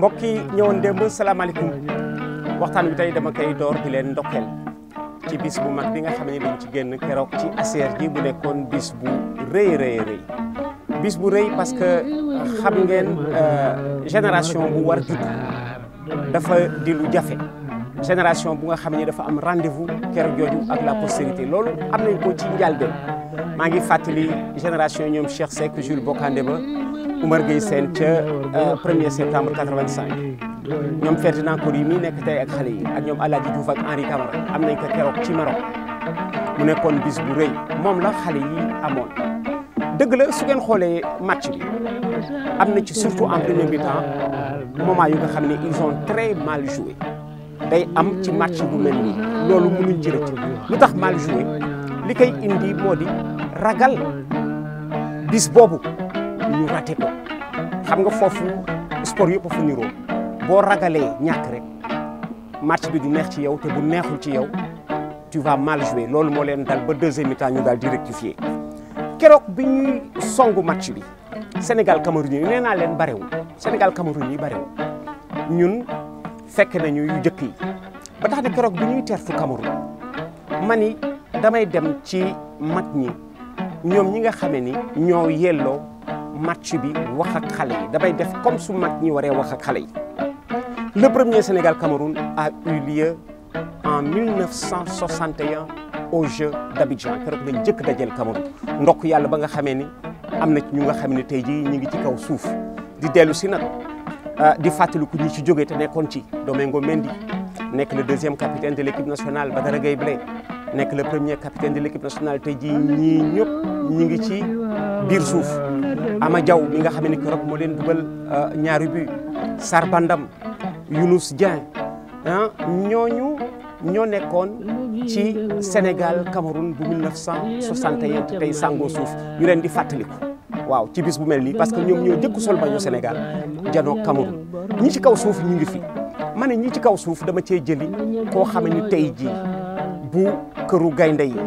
mbokk yi ñëwoon démb salaamaaleykum waxtaan wi tey dama koy door di leen ndokkeel ci bis bu mag bi nga xam ne dañ ci génn keroog ci ACR ji bu nekkoon bis bu rëy rëy bu rëy parce que xam ngeen euh, génération bu war judd dafa dilu jafe génération bu nga xam ni dafa am rendez-vous keroog jooju ak la postérité lool am nañ ko ci njàlbeen maa ngi fàttali génération ñoom Cheikh Seck Jules Bocandé ba Oumar Gueye Sène ca 1er euh, septembre 85 ñoom Ferdinand Coly mii nekk tey ak xale yi ak ñoom Alaaji Diouf ak Henri Camara am nañ ko keroog ci Maroc mu nekkoon bis bu rëy moom la xale yi amoon dëgg la su ngeen xoolee match bi am na ci surtout en premier mi-temps moment yu nga xam ne ils ont très mal joué day am ci match bu mel nii loolu mënuñ ci rëcc lu tax mal joué li koy indi moo di ragal bis boobu ñu raté ko xam nga foofu sport yëpp fa niroo boo ragalee ñàkk rek match bi du neex ci yow te bu neexul ci yow tu va mal jouer loolu moo leen dal ba deuxième mi-temps ñu daal di rectifier keroog bi ñuy songu match bi Sénégal Cameroun yi nee naa leen barewul Sénégal Cameroun yi barewul ñun fekk nañu yu jëkk yi ba tax na keroog bi ñuy teertu Cameroun ma ni damay dem ci mat ñi ñoom ñi nga xamee ni ñoo yelloo match bi wax ak xale yi damay def comme su mag ñi waree wax ak xale yi le premier Sénégal Cameroun a eu lieu en 1961 aux Jeux d'Abidjan keroog lañ jëkk dajeel Cameroun ndokk yàlla ba nga xamee ni am na ñu nga xam ne tey jii ñu ngi ci kaw suuf di dellu si nag ah, di ku ñi ci jógee te nekkoon ci Domingo Mendy nekk le deuxième capitaine de l'équipe nationale Badara Gueye Blé nekk le premier capitaine de l'équipe nationale tey jii ñii ngi ci biir suuf Ama Diaw mi nga xam ne keroog moo leen dugal euh, ñaari but Sarbandam Younous Dieng ah ñooñu ñoo nekkoon ci Sénégal Cameroun bu 1961 tey sangoo suuf ñu leen di fàttaliku waaw ci bis bu mel nii parce que ñoom ñoo jëkk sol bañu Sénégal janoo Cameroun ñi ci kaw suuf ñu ngi fi ma ñi ci kaw suuf dama cee jëli koo xam ne tey jii bu këru gaynde yi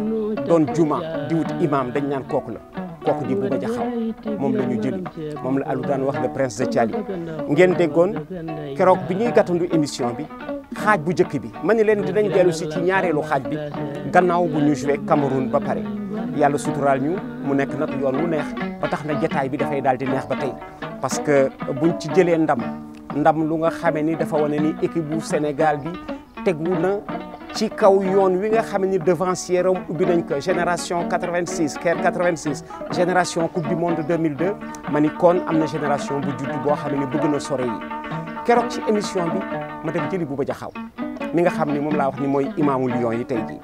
doon juma di wut imam dañ naan kooku la kooku di Bouba Diakhao moom la ñu jëli moom la Alou daan wax le prince de ngeen déggoon keroog bi ñuy gàttandu émission bi xaaj bu njëkk bi ma ne leen dinañ dellu si ci ñaareelu xaaj bi gannaaw bu ñu joué Cameroun ba pare yàlla suturaal ñu mu nekk nag yoon wu neex ba tax na jataay bi dafay daal di neex ba tey parce que buñ ci jëlee ndam ndam lu nga xamee ni dafa wane ni équipe bu Sénégal bi tegu ci kaw yoon wi nga xam ni devancière am ubbi nañ ko génération 86 ker 86 génération coupe du monde 2002 ma ni kon am na génération bu judd boo xam ne bëgg na sore yi keroog ci émission bi ma dem jëli Bouba Diakhao mi nga xam ni moom laa wax ni mooy imaamu Lyon yi tey jii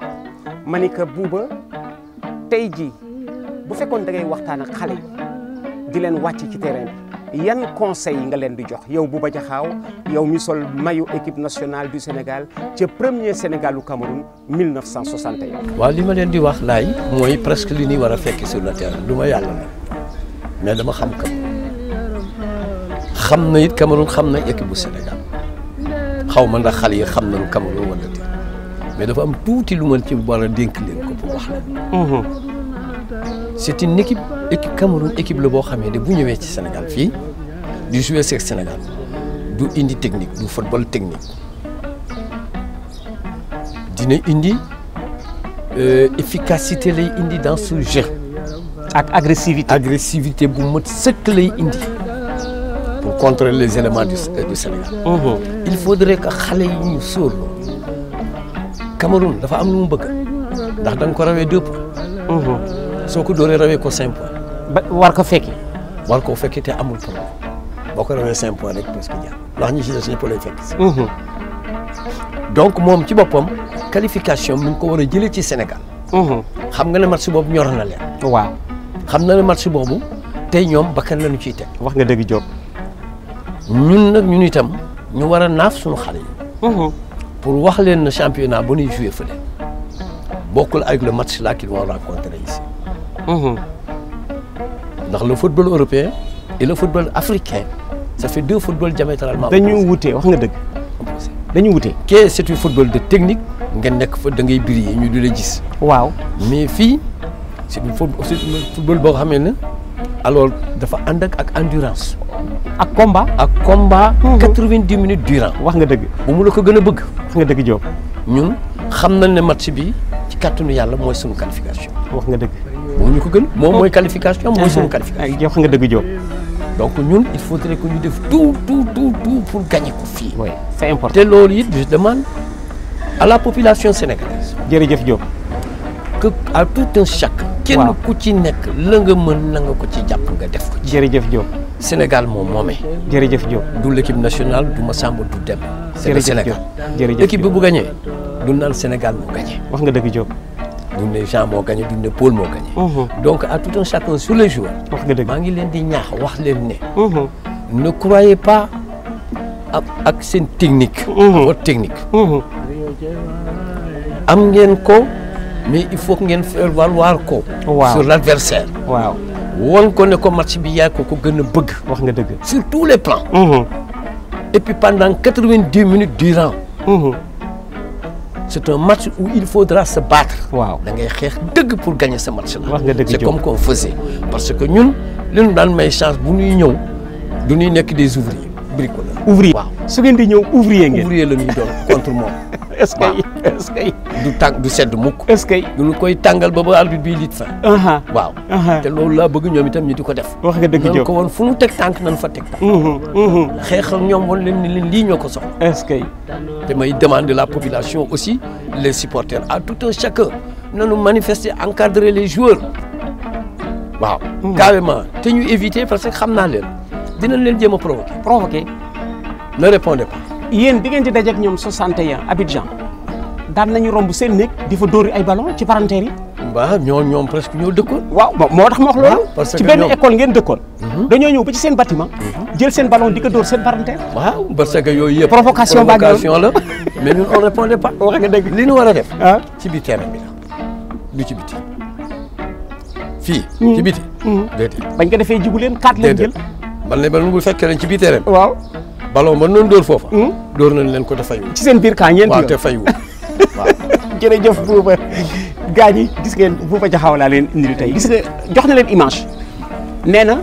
ma ni que Bouba tey jii bu fekkoon da ngay waxtaan ak xale yi di leen wàcc ci terrain bi yan conseil nga leen di jox yow Bouba Diakhao yow mi sol mayu équipe nationale du Sénégal ca premier Sénégal u Cameroun 1961. waaw li ma leen di wax laay mooy presque li ñuy war a fekk sur lu terrain du ma yàlla nag mais dama xam Cameroun xam na it Cameroun xam na équipe bu Sénégal xaw ma ndax xale yi xam nañu Cameroun wala déet mais dafa am tuuti lu ma ci war a dénk leen ko pour wax leen. c'est une équipe. équipe Cameroun équipe la boo xamee ne bu ñëwee ci Sénégal fii du jouer seeg Sénégal du indi technique du football technique dina indi euh, efficacité lay indi dans ce jeu. ak agressivité agressivité bu mat sëkk lay indi. pour contrer les éléments du euh, du Sénégal. il faudrait que xale yi ñu sóor Cameroun dafa am lu mu bëgg ndax da ko rawee deux points. soo ko dooree rawee ko cinq points. ba war ko fekki. war koo fekki te amul problème boo ko rawee cinq points rek presque jaar ndax ñi si des ñëpp lay fekk si. Mhm. donc moom ci boppam qualification mu ko war a jëlee ci Sénégal. Mhm. xam nga ne match boobu ñor na leen. waaw xam na ne match boobu tey ñoom bakkan lañu ci teg. wax nga dëgg Diop. ñun nag ñun itam ñu war a naaf suñu xale yi. Mhm. pour wax leen ne championnat bu ñuy joué fële bokkul ak le match là qu'ils vont rencontrer ici. ndax le football européen et le football africain ça fait deux footballs diamétralement dañu wutee wax nga dëgg dañu wutee kee c'est du football de technique nga nekk fa da ngay briller ñu di la gis waaw mais fii c'est du football boo xamee ne alors dafa ànd ak ak endurance ak combat ak combat mhm. quatre-vingt-dix minutes durant wax nga dëgg bu mu la ko gën a bëgg wax nga dëgg Diop ñun xam nañ ne match bi ci kàttanu yàlla mooy sunu qualification wax nga dëgg moo ñu ko gën moom mooy oh. qualification mooy suñu ah, ah. qualification jox nga dëgg Diop donc ñun il faudrait que ñu def tout tout tout pour gagner ko fii oui c'est important te loolu it je demande la population sénégalaise jërëjëf Diop que à tout un kenn ku ci nekk la nga mën na nga ko ci jàpp nga def ko ci jërëjëf Diop Sénégal moom moomee jërëjëf Diop du l'équipe nationale du Massamba du Demba c'est le Sénégal équipe bi bu gagné du naan Sénégal moo gagné wax nga dëgg Diop duñ ne Jean moo gagné duñ ne Paul moo gagné. Mhm. donc à tout un chacun sur les joueurs. maa ngi leen di ñaax wax leen ne. Mhm. ne croyez pas ak seen technique. Mhm. votre technique. am ngeen ko mais il faut ngeen faire valoir ko. waaw sur l' adversaire. waaw woon ko ne ko match bi yaa ko ko gën a nga dëgg sur tous les plans. et puis quatre vingt dix minutes durant. c'est un match où il faudra se battre. waaw da ngay xeex dëgg pour gagner ce match là. nga dëgg c'est comme qu'on faisait parce que ñun li ñu daan may chance bu ñuy ñëw du ñuy nekk des ouvriers bricoleurs. ouvrier su ngeen di ñëw ouvrier ngeen. la ñuy doon contre moom. est du tàng du sedd mukk. est-ce que ñu koy tàngal ba ba arbitre bi lit fa. waaw. te loolu laa bëgg ñoom itam ñu di ko def. wax nga dëgg ko woon fu nu teg tànk nan fa teg tànk. xeexal ñoom woon leen ni lii ñoo ko soxla. est-ce que. te may demander la population aussi les supporters à tout un chacun nanu manifester encadrer les joueurs waaw. carrément te ñu éviter parce que xam naa leen dinañ leen jéem a provoquer provoquer. ne répondez pas. yéen bi ngeen di dajeeg ñoom 61 Abidjan daan nañu romb seen néeg di fa dóori ay ballon ci parenteer ba waaw ñoo ñoom presque ñoo dëkkoon. waaw moo tax ma wax loolu. Ah, parce que ci benn école ngeen dëkkoon. Mhm. dañoo ñëw ba ci seen bâtiment. Mhm. jël seen ballon di ko dóor seen parenteer. waaw parce que yooyu yëpp. provocation la mais ñun on répondait pas. wax nga dëgg li ñu war a def. Ah. ci biir terrain bi la du ci biti fii. bi mhm. biti déedéet bañ ko defee jigu leen kaat leen jël. man la ci biir terrain waaw. ballon ba noonu dóor foofa. Hmm? dóor nañ leen ko te fayu. ci seen biir kaa ñeenti yoon waaw te fayu waaw. jërëjëf gaa ñi gis ngeen Bouba Diakhao laa leen indil tey gis nga jox na leen image nee na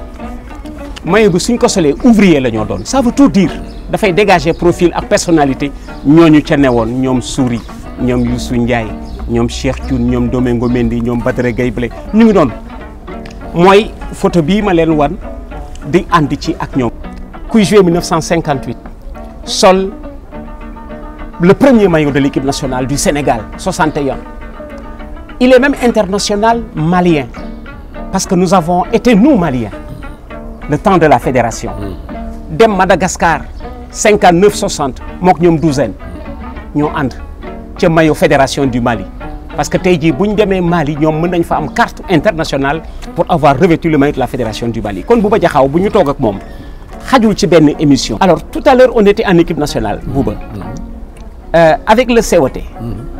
maillot suñ ko solee ouvrier la doon ça veut tout dire dafay dégager profil ak personnalité ñooñu ca woon ñoom Souris ñoom Youssou Ndiaye ñoom Cheikh Thioune ñoom Domingo Mendy ñoom Badara Gueye Blé ñu ngi doon mooy photo bii ma leen wan di ànd ci ak ñoom. kuy joué 1958 sol le premier mayo de l'équipe nationale du Sénégal 61 il est même international malien parce que nous avons été nous maliens le temps de la fédération hmm. dem Madagascar 59 60 mook ñoom douzaine ñoo ànd ca maillot fédération du Mali parce que tey jii bu ñu demee Mali ñoom mën nañ fa am carte internationale pour avoir revêtu le maillot de la fédération du Mali kon Bouba Diakhao bu ñu toog ak moom xajul ci benn émission. alors tout à l'heure on était en équipe nationale. Bouba euh, avec le COT.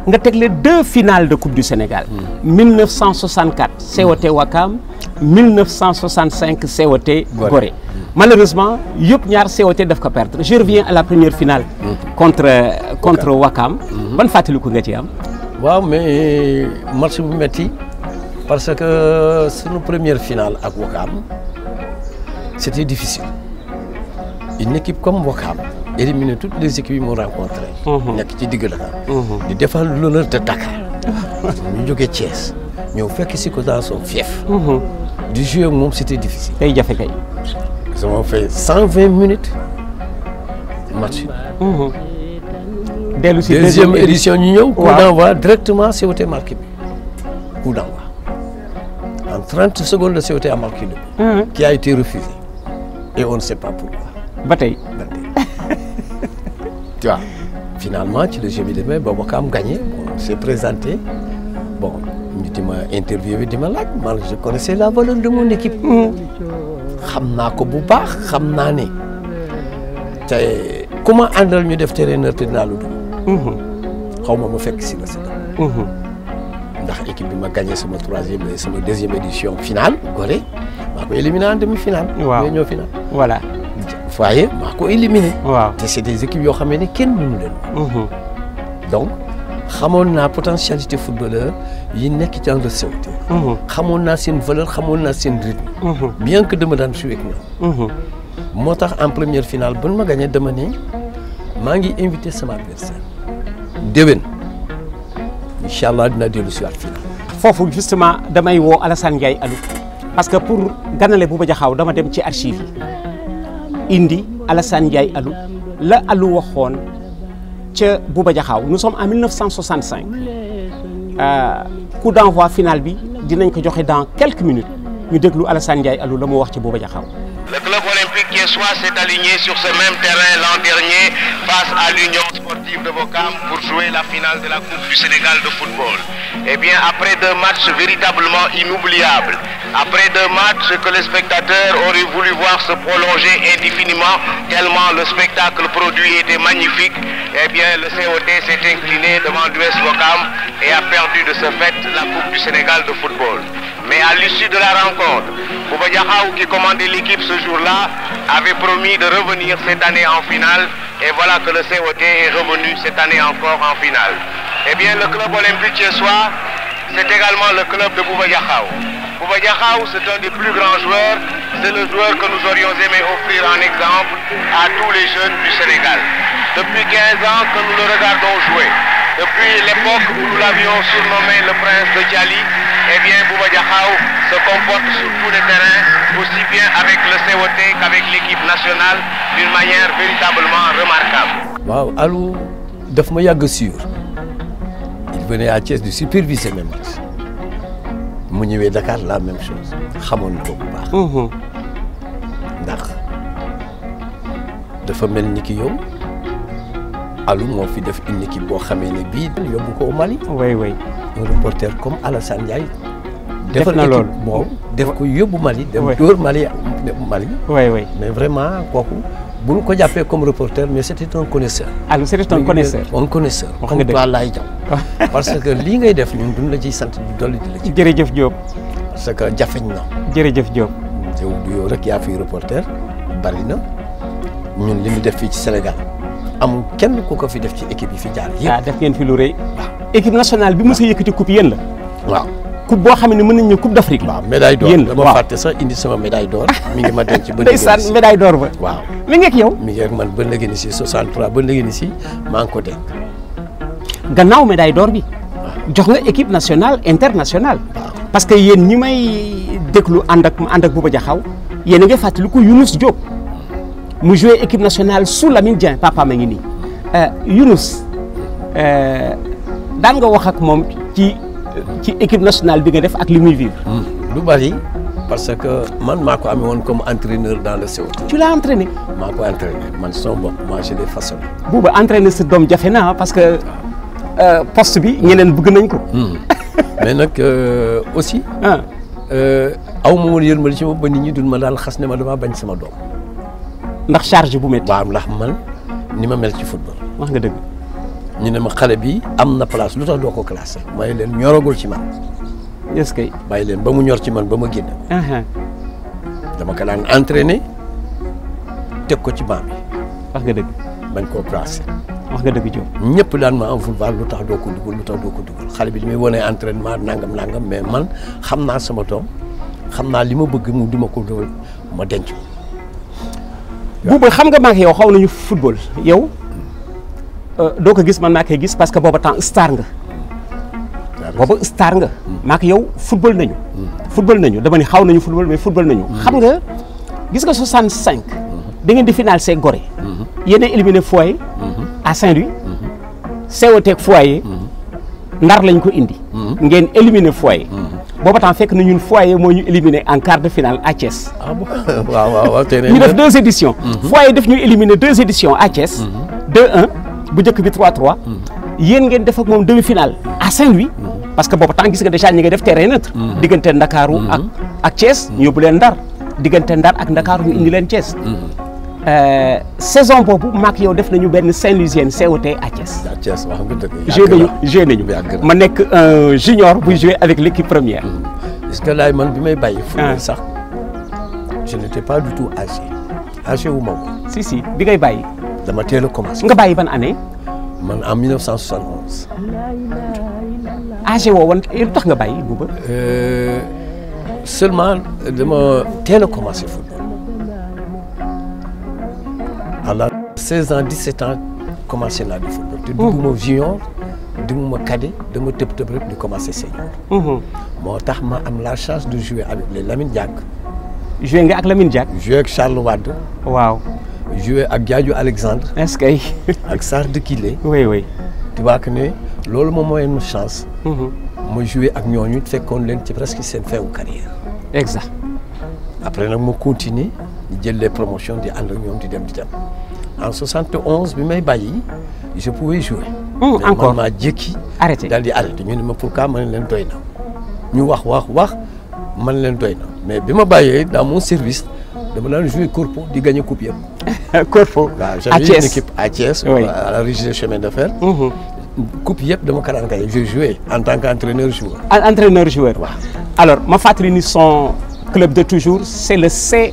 nga teg les deux finales de coupe du Sénégal. 1964 COT Wakam 1965 COT Gorée. malheureusement yëpp ñaar COT def ko perdre je reviens à la première finale. contre contre Wakam. Mhm. ban fàttaliku nga ci am. waaw mais match bu metti parce que sunu première finale ak Wakam c'était difficile. une équipe comme Wakam éliminer toutes les équipes yi mu rencontré. Mhm. nekk ci digg Dakar. Mhm. di defal l'honneur de Dakar. ñu joge Thiès ñëw fekk si ko dans son mhm. di jouer moom c'était difficile. tey jafe kay. ça cent vingt minutes match. dellu si deuxième édition ñu ñëw. waaw coup d'envoi directement COT marqué bi coup d'envoi en trente secondes la COT a marqué le but. qui a été refusé et on ne sait pas pourquoi. ba tey tu vois finalement ci la jeu bi demee boobu ka am gagné on s'est présenté bon ñu di ma interviewé ma laaj man je la valeur de mon équipe hmm. xam naa ko bu baax xam naa ne te ku ma àndal ñu def terraineur naa dinaa lu dugg hmm. xaw ma ma fekk si la si hmm. ndax équipe bi ma gagné sama troisième sama deuxième édition finale Gorée maa ko éliminé en demi finale. waaw ñoo ñoo finale waaye maa ko éliminé. waaw te c' est des équipes yoo xam ne kenn mënu leen. Mhm. donc xamoon naa te footballeur yi nekk ci Angleterre. Mhm. xamoon naa seen valeur xamoon naa seen rythme. Mhm. bien que dama daan suy ak moo tax en première finale bu ma gagné dama maa ngi invité sama adversaire déwén incha allah dina dellu si waat final. foofu justement damay woo Alassane Ndiaye Alou parce que pour ganale bu ba jaxaaw dama dem ci archive indi Alassane Ndiaye Alou la Alou waxoon ca Bouba Diakhao nous sommes en euh, coup d'envoi final bi dinañ ko joxe dans quelques minutes ñu déglu Alassane Ndiaye Alou la mu wax ci Bouba Le club olympique thiessois s'est aligné sur ce même terrain l'an dernier face à l'Union sportive de Bocam pour jouer la finale de la Coupe du Sénégal de football. Et eh bien après deux matchs véritablement inoubliables Après deux matchs que les spectateurs auraient voulu voir se prolonger indéfiniment, tellement le spectacle produit était magnifique, eh le COT s'est incliné devant l'US Wokam et a perdu de ce fait la Coupe du Sénégal de football. Mais à l'issue de la rencontre, Boubadiahaou qui commandait l'équipe ce jour-là avait promis de revenir cette année en finale et voilà que le COT est revenu cette année encore en finale. Eh le club olympique ce soir, c'est également Bouba Diakhao, c'est un des plus grands joueurs. C'est le joueur que nous aurions aimé offrir en exemple à tous les jeunes du Sénégal. Depuis 15 ans que nous le regardons jouer. Depuis l'époque où nous l'avions surnommé le prince de Djali, eh bien Bouba se comporte sur tous les terrains, aussi bien avec le COT qu'avec l'équipe nationale, d'une manière véritablement remarquable. Wow, allô, daf ma yàgg suivre. Il venait à Thiès de superviser mes mu ñëwee Dakar la même chose xamoon na ko bu baax. Mhm. ndax dafa mel ni ki yow Alou moo fi def une équipe boo xamee ne bii yóbbu ko Mali. way way un reporter comme Alassane Ndiaye. def na loolu moom def ko yóbbu Mali. dem dóor Mali Mali. way mais vraiment kooku. bu ñu ko jàppee comme reporter mais c'était un connaisseur. ah c'était un connaisseur un connaisseur. wax nga dëgg parce que lii ngay def ñun duñ la ciy sant di dolli di la ci. jërëjëf Diop. parce que jafeñ na. jërëjëf Diop. yow yow rek yaa fi reporter bari na ñun li mu def fii ci Sénégal amul kenn ku ko fi def ci équipe yi fi jaar yëpp. Ah, def ngeen fi lu rëy. équipe nationale bi mos a yëkkati coupe yéen la waaw. coupe boo xam ne mën nañu ne coupe d'Afrique. waaw médaille d'or yéen dama fàtte sax indi sama médaille d'or mi ngi ma denc ba ndeysaan yow mi ngi ak man ba léegi ni si 63 ba léegi ni si maa ko denc gannaaw médaille d'or bi jox nga équipe nationale internationale parce que yéen ñi may déglu ànd ak ànd ak Bouba Diakhao yéen a ngi fàttaliku Younous Diop mu joué équipe nationale sous Lamine Dieng papa ma ngi nii euh, Younous euh, daan nga wax ak moom ci ci équipe nationale bi nga def ak li muy vivre. du hmm. bari parce que man maa ko amee woon comme entraîneur dans le CO. tu l'as entraîné. maa ko entraîné man sama bopp maa je l'ai façonné. Bouba entraîner sa doom jafe naa parce que euh, poste bi ñeneen bëgg nañ ko. Hmm. mais nag euh, aussi. Ah. Euh, aw ma woon yërmande ci ma ba nit ñi dul ma daal xas ne ma damaa bañ sama doom. ndax charge bu métti. waaw ndax man ni ma mel ci football. wax nga dëgg. ñu ne ma xale bi am na place lu tax doo ko classé may leen ñoragul ci man. est ce que. bàyyi leen ba mu ñor ci man ba ma génn. Uh-huh. dama ko daan entraîné teg ko ci banc bi. wax nga dëgg. bañ koo placé. wax nga dëgg Diop. ñëpp daan ma am football lu tax doo ko dugal lu tax doo ko xale bi li muy wane entraînement nàngam nangam mais man xam naa sama doom xam naa li ma bëgg mu di ma ko dool ma denc. bu ba xam nga maak yow xaw nañu football yow. Euh, doo ko gis man maa koy gis parce que booba temps star nga. booba star nga. Hmm. maa ko yow football nañu. Hmm. football nañu dama ni xaw nañu football mais football nañu. Hmm. xam nga gis nga 65. da ngeen di final see Gorée. yéen a éliminé Foyer. à Saint-Louis. seewateeg Foyer. ndar lañ ko indi. ngeen éliminé Foyer. booba temps fekk na ñun Foyer moo ñu éliminé en quart de finale à Thiès. Ah def deux éditions. Foyer def ñu éliminé deux éditions à Thiès. bu njëkk bi 3-3. yéen ngeen def ak moom demi final à Saint-Louis. parce que boobu temps gis nga déjà ñi nga def terrain neutre. diggante Ndakaaru ak ak Thiès. ñu yóbbu leen Ndar diggante Ndar ak Ndakaaru ñu indi leen Thiès. Euh, saison boobu maak yow def nañu benn Saint-Louisienne COT à Thiès. à Thiès wax nga dëgg. nañu ma nekk un junior bu joué avec l' équipe première. Mm. est-ce que laay man bi may bàyyi. football ah. sax je n'étais pas wu ma ko. bi ngay bàyyi. dama teel a commencé. nga bàyyi ban année. man en 1971. âgé woo woon lu tax nga bàyyi Bouba. Euh, seulement dama teel a commencé football à l'âge de 16 ans 17 ans commencé naa di football. te mmh. dugguma junior dugguma cadet dama tëb tëb rek di commencé senior. Mmh. moo tax ma am la chance de jouer avec les Lamine Diack. joué nga ak Lamine Diack. joué Charles Wade. waaw. joué ak Diadio Alexandre. est-ce que. ak Sarr de Kile. oui oui. tu loolu moom mooy une chance. ma mhm. joué ak ñooñu fekkoon leen ci presque seen fin wu carrière. exact. après nag moo continuer di jël les promotions di ànd ak ñoom di dem di dem en 71 bi may bàyyi je pouvais jouer. Mmh, encore mais man maa jékki. arrêté di arrêté ñu ne ma pourquoi ma ne leen doy na. ñu wax wax wax man leen doy na mais bi ma bàyyee dans mon service. dama daan joué corpo di gagné coupe yëpp. corpo waaw à Thiès. oui à de fer. Mhm. coupe yëpp dama ko daan gagné j'ai en tant qu'entraîneur joueur. entraîneur joueur waaw. alors ma fàttali ni son club de toujours c'est le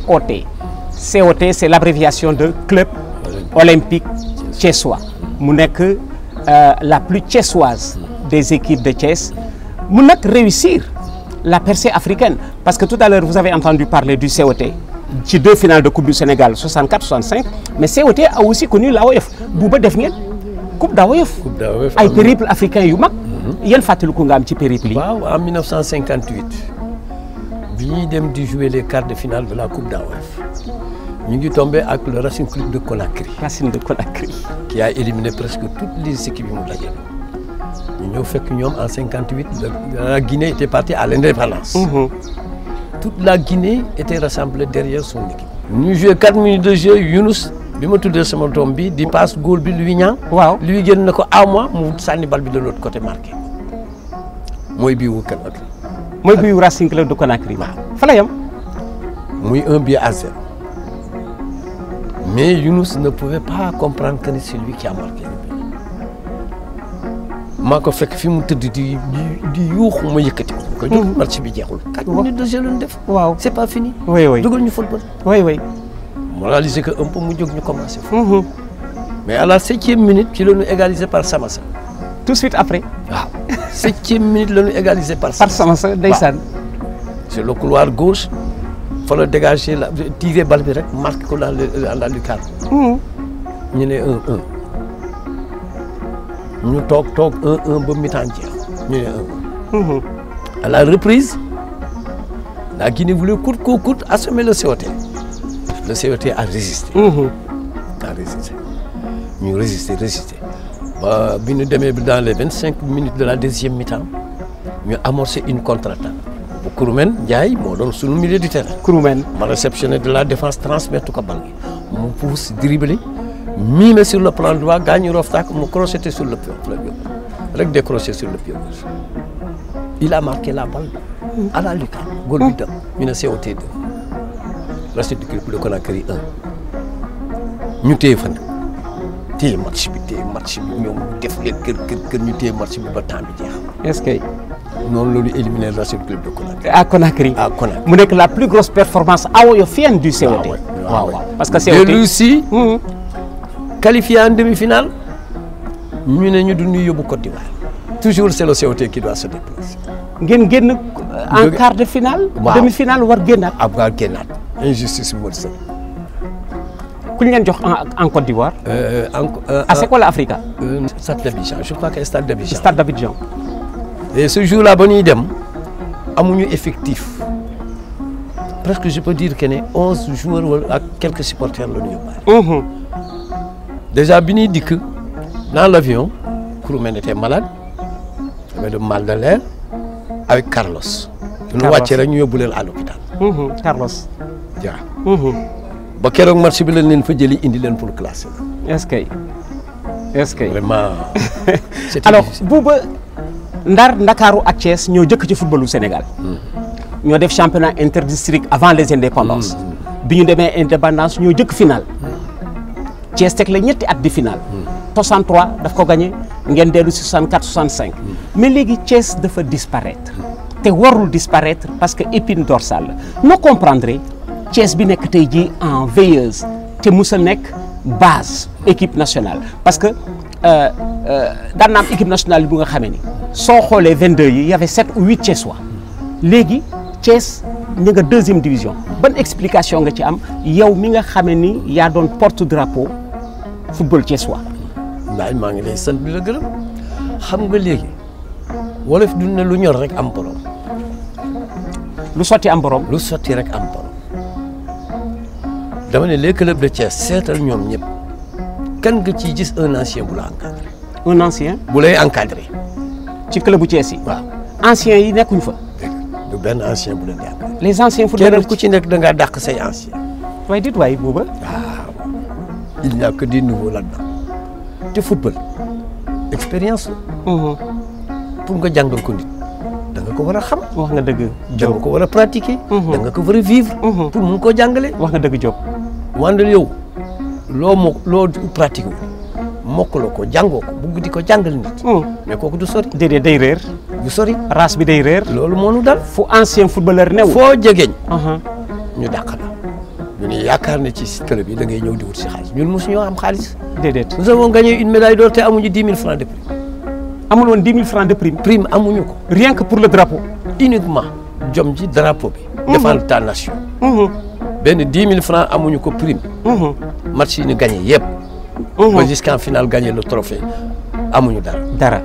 COT. COT c'est l'abréviation de club olympique thiessois mu nekk euh, la plus thiessoise des équipes de Thiès mu nag réussir la percée africaine parce que tout à l'heure vous avez entendu parler du COT. ci deux finales de coupe du Sénégal 64 65 mais COT a aussi connu l'AOF buuba def ngeen coupe d'AOF ay périple africain yu mag mhm. yan fàttaliku nga am ci périple yi waaw en 1958 bi ñuy dem di jouer les quarts de finale de la coupe d'AOF ñu ngi tombé ak le Racing Club de Conakry Racing de Conakry qui a éliminé presque toutes les équipes yi mu dajee ñu ñëw fekk ñoom en 58 la euh, Guinée était partie à l'indépendance mhm. toute la Guinée était rassemblée derrière son équipe. ñu joué 4 de jeu bi ma tuddee sama doom bi di passe góol bi Louis Niang. waaw Louis génn na ko à moi mu sànni bal bi de l'autre côté marqué mooy bii wu Conakry. mooy bii wu Racing Club de Conakry. waaw fa la yem. muy un but à zéro mais Younous ne pouvait pas comprendre que c'est lui a marqué le but. maa ko fekk fi mu tëdd di yuuxu ma yëkkati ko. ko jóg bi jeexul. quatre minutes de jeu lañ def. waaw c'est pas fini. oui ñu football. oui oui. moraliser que un peu mu jóg ñu commencé. Mm-hmm. mais à la septième minute ci la ñu par Samassa. tout de suite après. waaw ah. septième minute la ñu égalisé par. par Samassa ndeysaan. c'est le couloir gauche. fa la dégagé la tiré bal bi rek marqué ko dans la lucarne. Mm-hmm. ñu ne un un. ñu toog toog un un ba mi-temps jeex ñu ne un. à la reprise la Guinée voulait coûte que coûte assommer le COT. le COT a mm-hmm. a résisté ñu résisté résisté ba bi ñu demee dans les vingt cinq minutes de la deuxième mi-temps ñu amorcé une contre-attaque. bu Kouroumen Ndiaye moo doon sunu milieu du terrain. Kouroumen ma réceptionné de la défense transmettre ko bal gi mu pousse dribbler. mimé sur le plan droit, gagné un obstacle, me crocheté sur le plan gauche. décroché sur le pied gauche. Il a marqué la balle à la lucarne, goal buteur, 1902. Rachid du club de Conakry 1. Nous sommes fan. Téye match bi téye match bi ñoom def kër kër kër ñu téye match bi ba temps jeex. est-ce que. noonu loolu éliminé Racine Club de Conakry. mu nekk la plus grosse performance awoyo fien du COT. Ah ah waaw waaw parce que COT. qualifié en demi-finale ñu ne ñu du ñu yóbbu Côte d'Ivoire toujours c'est le COT qui doit se déplacer. ngeen génn en quart de finale. waaw demi-finale war génnaat. ab ah, war génnaat injustice bu wërsëg. ku ñu leen jox en Côte d'Ivoire. Euh, en ASEC wala Africa. stade d'Abidjan crois que stade d'Abidjan. stade d'Abidjan. et ce jour-là ba ñuy dem amuñu effectif presque je peux dire que ne onze joueurs wala ak quelques supporters la déjà bi ñuy dikk dans l'avion Kouroumène était malade avait de mal de l'air avec Carlos. Carlos ñu wàccee rek ñuy yóbbu leen à l'hôpital. Carlos. ba keroog marché bi lañ leen fa jëli indi leen pour classer la. est-ce que est-ce que. vraiment. c'était alors Bouba Ndar Ndakaaru ak ñoo jëkk ci footballu Sénégal. Hmm. ñoo def championnat interdistrict avant les indépendances. Hmm. bi ñu demee indépendance ñoo jëkk final. Thiès teg la ñetti at di final. 63 daf ko gagné ngeen dellu si 64 65. mais léegi Thiès dafa disparaître. te warul disparaître parce que épine dorsale la noo comprendre Thiès bi nekk tey jii en veilleuse te musa nekk base équipe nationale parce que euh, euh, daan na am équipe nationale bu nga xamee ni soo xoolee 22 yi y avait 7 ou 8 Thiessois léegi Thiès ñu nga deuxième division ban explication nga ci am yow mi nga xamee ni yaa doon porte drapeau. football Thiessois. Mbaye maa ngi lay sant di la gërëm xam nga léegi wolof du ne lu ñor rek am borom. lu sotti am borom. lu sotti rek am borom dama ne les clubs de Thiès seetal ñoom ñëpp kan nga ciy gis un ancien bu la encadré. un ancien. bu lay encadré. ci club bu Thiès yi. waaw anciens yi nekkuñ fa. du benn ancien bu leen encadré. les anciens footballeurs ku ci nekk da ngaa dàq say anciens. waaye dit waaye booba. il n'y a que du nouveau te football expérience la. Mhm. pour nga jàngal ko nit. da ko war a xam. wax nga dëgg da nga ko war a pratiquer. Mhm. da nga ko war a vivre. Mhm. pour mun koo jàngale. nga dëgg Diop. wandal yow loo mo loo pratique wu mokkaloo ko jàngoo ko bugg di ko jàngal nit. mais kooku du sori. déedéet day réer. du sori race bi day réer. loolu moo nu dal. fu ancien footballeur new. foo jegeñ. ñu dàq la. mais yaakaar ne ci télé bi da ngay ñëw di wut si xaalis ñun ñu am xaalis. déedéet nous avons gagné une médaille d'or te amuñu dix mille francs de prime. amul woon dix mille francs de prime. prime amuñu ko. rien que pour le drapeau. uniquement jom ji drapeau bi. Mhm. défendre ta nation. Mhm. benn dix mille francs amuñu ko prime. Mhm. match yi ñu gagné yëpp. ba jusqu'en finale gagné le trophée amuñu dara. dara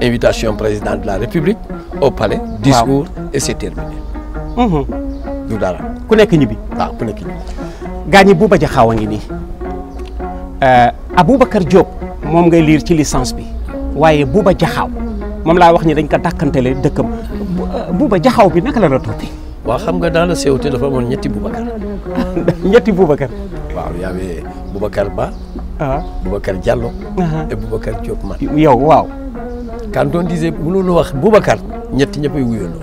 invitation président de la république au palais. discours et c'est terminé. du dara ku nekk ñibbi. waaw gaañi Bouba Diakhao a ngi nii euh, Aboubacar Diop moom ngay liir ci licence bi waaye Bouba Diakhao moom laa wax ñi dañ ko dàkkantele dëkkam Bouba Diakhao bi naka la la toppee. waaw xam nga dans le COT dafa amoon ñetti Boubacar. ñetti Boubacar. waaw y avait Boubacar Ba. ah Boubacar Diallo. Ah. et Boubacar Diop man. yow waaw. quand on disait mënoon wax Boubacar ñetti ñëppay wuyandoo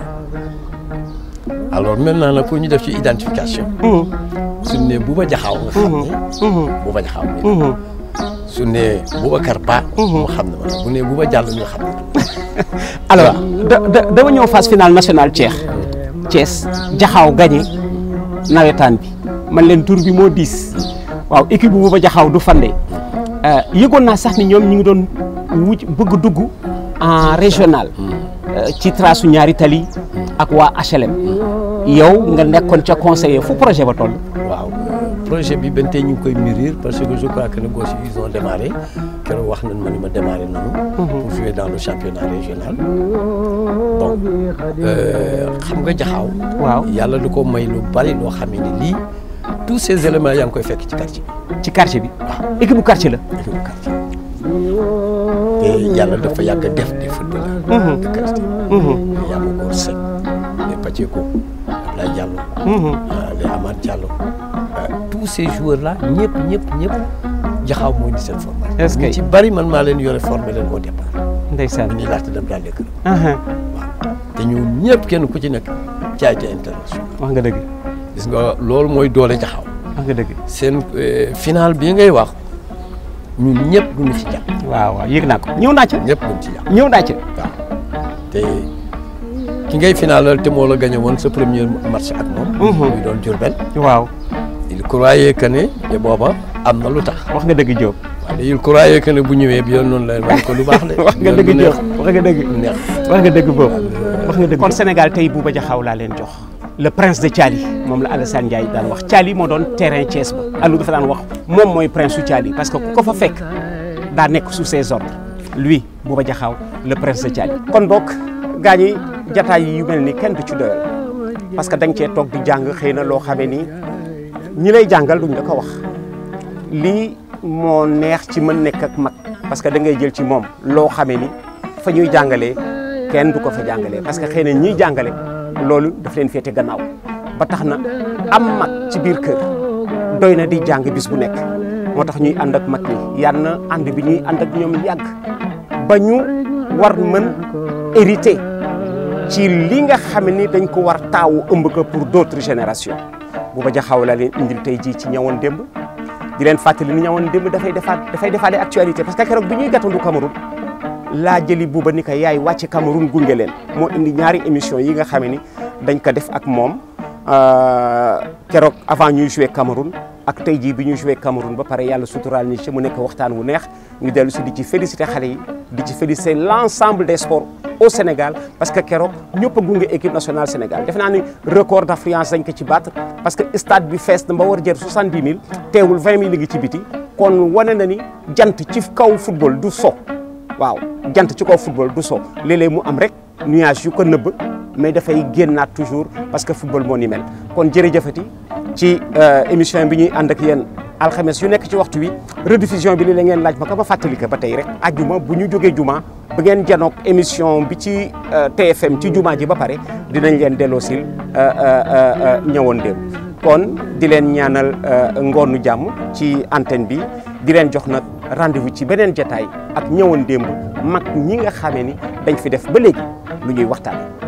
alors maintenant nag pour ñu def ci identification. Hmm. suñ ne Bouba Diakhao xam mm-hmm. ne mm-hmm. Bouba Diakhao mi mm-hmm. su ne Boubacar Ba mu xam ne ma bu ne Bouba Diallo ñu xam ne alors dama ñëw phase finale nationale Thiès Thiès Diakhao nawetaan bi man leen tour bi moo diis waaw équipe bu Bouba du fande euh, yëgoon naa sax ni ñoom ñu ngi doon wuj bëgg dugg en régional euh, ci trasu ñaari tali ak waa HLM yow nga nekkoon ca conseiller fu projet ba toll. waaw projet bi benn tey ñu ngi koy mûrir parce que je crois que ne gauche ils ont wax nañ ma ni ma démarré nañu. Mhm. pour jouer dans le championnat régional. bon euh, xam nga jaxaaw. waaw yàlla lu ko may lu bari loo xamee ni lii tous ces éléments yaa ngi koy fekk ci quartier bi. ci quartier bi waaw équipe la. équipe bu quartier te yàlla dafa yàgg def di football. Mhm. de quartier. Mhm. yàlla ko sëñ. paceeku Abdoulaye Diallo. Mhm. Euh, les Amath Diallo. Euh, tous ces joueurs là ñëpp ñëpp ñëpp jaxaw moo di seen formation. est ci bari man maa leen yore formé leen au départ. ndeysaan ñu te ñu ñëpp kenn ku ci nekk caay te international. wax nga dëgg. gis nga loolu mooy doole jaxaw. wax nga dëgg seen euh, final bii ngay wax ñun ñëpp duñu ci jàpp. waaw waaw yëg naa te. ki ngay finalal te moo woon sa premier match ak moom. Mhm. muy doon Diourbel. que ne booba am na lu tax. wax nga dëgg Diop. waaw il croyait que ne bu ñëwee bi yoon noonu la wax ko lu baax wax nga dëgg Diop wax nga dëgg. neex wax nga dëgg boobu. wax nga dëgg kon Sénégal tey Bouba Diakhao laa leen jox. le prince de Thiali moom la Alassane Ndiaye daan wax Thiali moo doon terrain Thiès ba Aliou daan wax moom mooy prince su Thiali parce que ku ko fa fekk daa nekk sous ses ordres lui Bouba Diakhao le prince de Thiali kon bokk. gaa ñi jataay yu mel ni kenn du ci doyal parce que da nga cee toog di jàng xëy na loo xamee ni ñi lay jàngal duñ la ko wax lii moo neex ci mën nekk ak mag parce que da ngay jël ci moom loo xamee ni fa ñuy jàngalee kenn du ko fa jàngalee parce que xëy na ñiy jàngale loolu daf leen féete gannaaw ba tax na am mag ci biir kër doy na di jàng bis bu nekk moo tax ñuy ànd ak mag ñi yal na ànd bi ñuy ànd ak ñoom yàgg ba ñu war mën hérité ci lii nga xam ni dañ ko war taawu ëmb ko pour d'autres générations Bouba ba la leen indil tey jii ci ñawoon demb di leen fàttali ni ñawoon demb dafay defaat dafay defaale actualité parce que keroog bi ñuy gàttandu Cameroun laa jëli ba ni ko yaay wàcc Cameroun gunge leen moo indi ñaari émission yi nga xam ni dañ ko def ak moom euh, keroog avant ñuy jouer Cameroun ak tey ji bu ñuy jouer Cameroun ba pare yàlla suturaal ni ci mu nekk waxtaan wu neex ñu dellu si di ci féliciter xale yi di ci féliciter l'ensemble des sports au Sénégal parce que keroog ñëpp a gunge équipe nationale Sénégal def naa ni record d'affluence dañ ci battre parce que stade bi fees na ba war jër soixante-dix mille teewul vingt mille ngi ci biti kon wane na jant ci kaw football du so waaw jant ci kaw football du so léeg mu am rek nuage yu ko nëbb mais dafay génnaat toujours parce que football moo ni mel kon jërëjëfati ci euh, émission bi ñuy ànd ak yéen alxames yu nekk ci waxtu wi rediffusion bi li la ngeen laaj ma ko ba fàttali ko ba tey rek ajjuma bu ñu jogee juma ba ngeen janoog émission bi ci euh, TFM ci juma ji ba pare dinañ leen delloosil euh, ñëwoon démb kon di leen ñaanal ngoonu jàmm ci antenne bi di leen jox nag rendez-vous ci beneen jataay ak ñëwoon démb mag ñi nga xamee ni dañ fi def ba léegi lu ñuy waxtaan